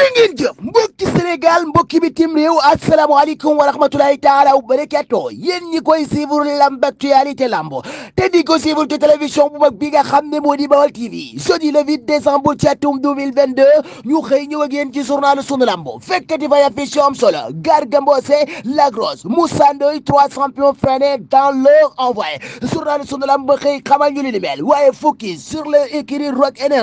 la ngeen jëf mbokki Sénégal mbokki bitim réew asalaamaaleykum wa rahmatulahi taala wa barakato yéen ñi koy suivre lamb actualité lamb te di ko suivre ci télévision bu mag bi nga xam ne moo di Bawal TV jeudi le 8 décembre ci atum 2022 ñu xëy ñëw ak yéen ci journal sunu lamb fekkati fay affiche am solo Garga Mbossé Lagros Moussa Ndoye trois champions freinés dans leur envoi journal sunu lamb xëy ñu li ni mel waaye sur le écurie Rock Énergie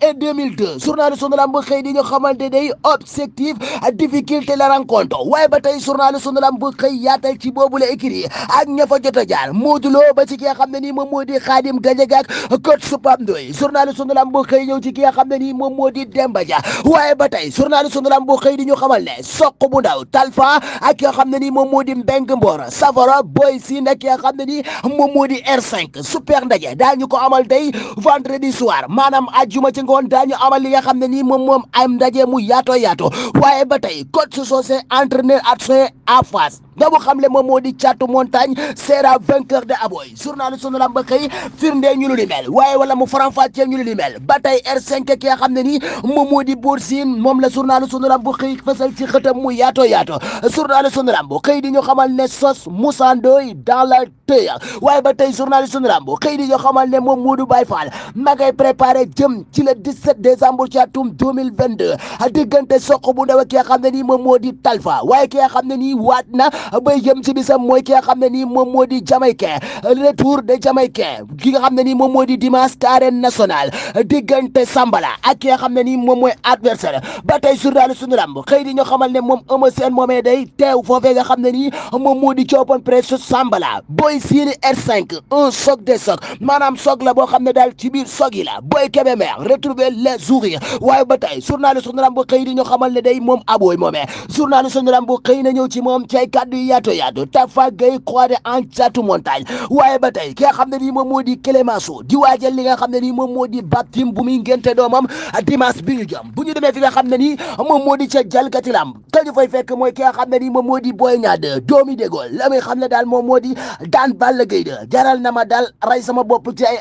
et 2002 journal lamb xëy di ñu xamante day objectif difficulté la rencontre waaye ba tey journal sunu lamb xëy yaatal ci boobu la écrit ak ña fa jot a jaar Modou Lo ba ci ki nga xam ne nii moom moo di Khadim Gadiaga ak coach Pape Ndoye journal xëy ki nga xam ne nii moom moo di Demba Dia waaye ba tey journal ñu xamal ne soq bu ndaw Talfa ak ki nga xam ne nii moom moo di Mbeng Mboor Savara Boy Sine ak ki a xam ne nii moom moo di R5 super ndaje daañu ko amal tey vendredi soir maanaam àjjuma ci ngoon daañu amal li nga xam ne nii moom moom am ndaje mu yaato yaato waaye ba tey coach Socé entraîneur adjoint à Fass la xam le moom moo di caatu montagne sera vainqueur de aboy journal sunu lamb xëy firnde ñu lu mel waaye wala mu faram-fàccee ñu lu mel ba tey R5 ki nga xam ne ni moom moo di Bour Sine moom la journal sunu lamb xëy fësal ci xëtam mu yaato yaato journal sunu lamb xëy di ñu xamal ne sos Moussa Ndoye dans la tëya waaye ba tey journal sunu lamb xëy di ñu xamal ne moom moo Baye Fall ma ngay préparé jëm ci le 17 décembre ci atum 2022 diggante soq xam ne nii moom moo di Talfa waaye ki nga xam ne nii waat na bay jëm ci bisam mooy ki nga xam ne nii moom moo di jamaïcain retour de jamaïcain ki nga xam ne ni moom moo di dimanche arène nationale diggante Sambala ak ki nga xam ne nii moom mooy adversaire ba tey journal suñu lamb xëy di ñoo xamal ne moom Eumeu Sène moomee day teew foofee nga xam ne ni moom moo di coopan presse Sambala booy siini R5 un choc de choc maanaam choc la boo xam ne daal ci biir choc yi la booy Kébémer retrouver les sourires waaye ba tey journal suñu lamb xëy di ñoo xamal ne day moom abooy moomee journal suñu lamb xëy na ñëw ci moom ci ay kàddu kàddu yi yaato yaatu Tafa Gueye croix en catu montagne waaye ba tey ki nga xam ne nii moom moo di Clémenceau di a li nga xam ne nii moom moo di baptême bu muy ngénte doomam a bi ñu jëm bu ñu demee fi xam ne nii moom ca jalgati lam ka ñu fekk mooy ki xam ne nii moom moo di Boy Niang 2 doomi dégool xam ne daal moom moo di daan Balla Gaye jaral na ma daal rey sama bopp ci ay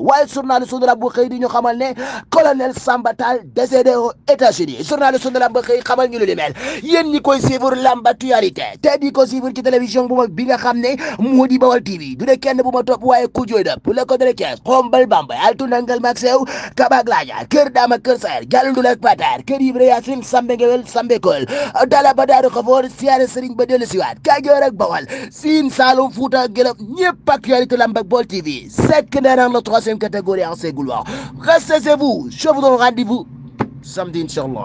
waaye journal sunu bu xëy di ñu xamal ne colonel Samba Tall décédé di ko suivre ci télévision bu mag bi nga xam ne moo di Bawal TV du ne kenn bu ma topp waaye ku jooy da pour de Thiès xombal bamba altu nangal mag seew kabak laaja kër daama kër saer jàllndul ba daaru xafoor siyaare Fuuta Gëlëb ñëpp actualité lamb ak TV sekk naanaan la troisième catégorie en ces couloirs restez chez vous je vous donne rendez-vous samedi inchallah